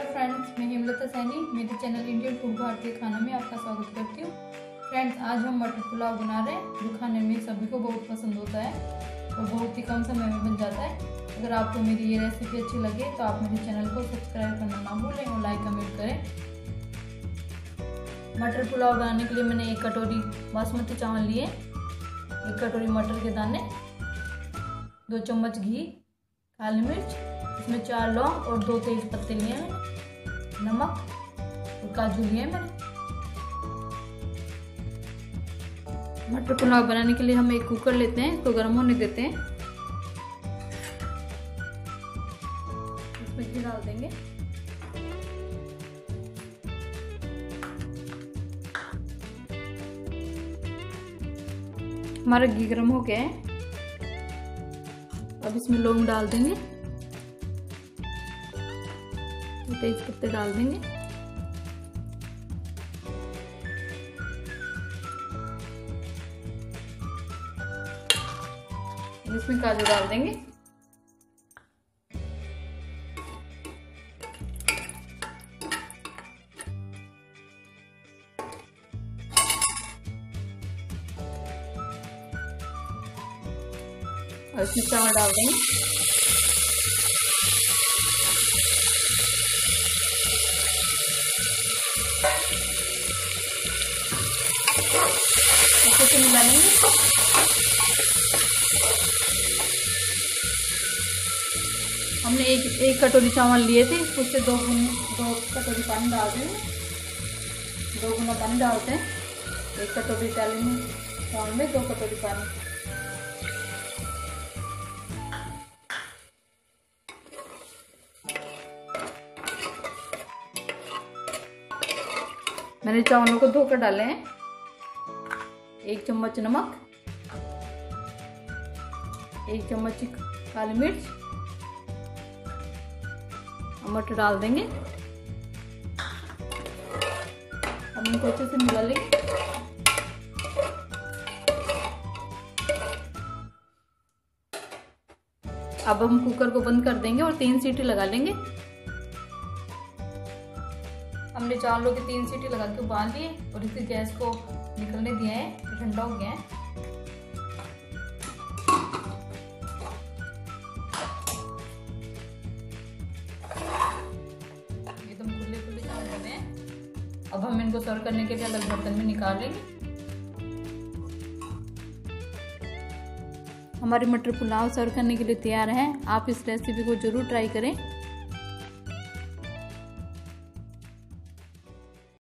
hello friends मैं हिमलता सैनी मेरे channel Indian food भारतीय खाना में आपका स्वागत करती हूँ फ्रेंड्स आज हम मटर पुलाव बना रहे हैं जो खाने में सभी को बहुत पसंद होता है और बहुत ही कम समय में बन जाता है अगर आपको मेरी ये रेसिपी अच्छी लगे तो आप मेरे चैनल को सब्सक्राइब करना ना भूलें और लाइक कमेंट करें मटर पुलाव बनाने के लिए मैंने एक कटोरी बासमती चावल लिए एक कटोरी मटर के दाने दो चम्मच घी काली मिर्च इसमें चार लौंग और दो तेज पत्ते लिए हैं नमक और काजू लिए हैं मैंने मटर पुलाव बनाने के लिए हम एक कुकर लेते हैं इसको तो गर्म होने देते हैं इसमें घी डाल देंगे हमारा घी गर्म हो गया है अब इसमें लौंग डाल देंगे तेज पत्ते डाल देंगे इसमें काजू डाल देंगे और इसमें चावल डाल देंगे अच्छे से मिला तो लेंगे हमने एक एक कटोरी चावल लिए थे उससे दो गुना दो कटोरी पानी डाल देंगे दो गुना पानी डालते हैं एक कटोरी चावल चावल में दो कटोरी पानी मैंने चावलों को धोकर डाले हैं एक चम्मच नमक एक चम्मच काली मिर्च मटर डाल देंगे हम इनको अच्छे से मिला लेंगे अब हम कुकर को बंद कर देंगे और तीन सीटी लगा लेंगे हमने चार लोग के तीन सीटी लगा के उबाल लिए और इसे गैस को निकलने दिया है तो ठंडा हो गया है तो अब हम इनको सर्व करने के लिए अलग बर्तन में निकाल लेंगे हमारे मटर पुलाव सर्व करने के लिए तैयार है आप इस रेसिपी को ज़रूर ट्राई करें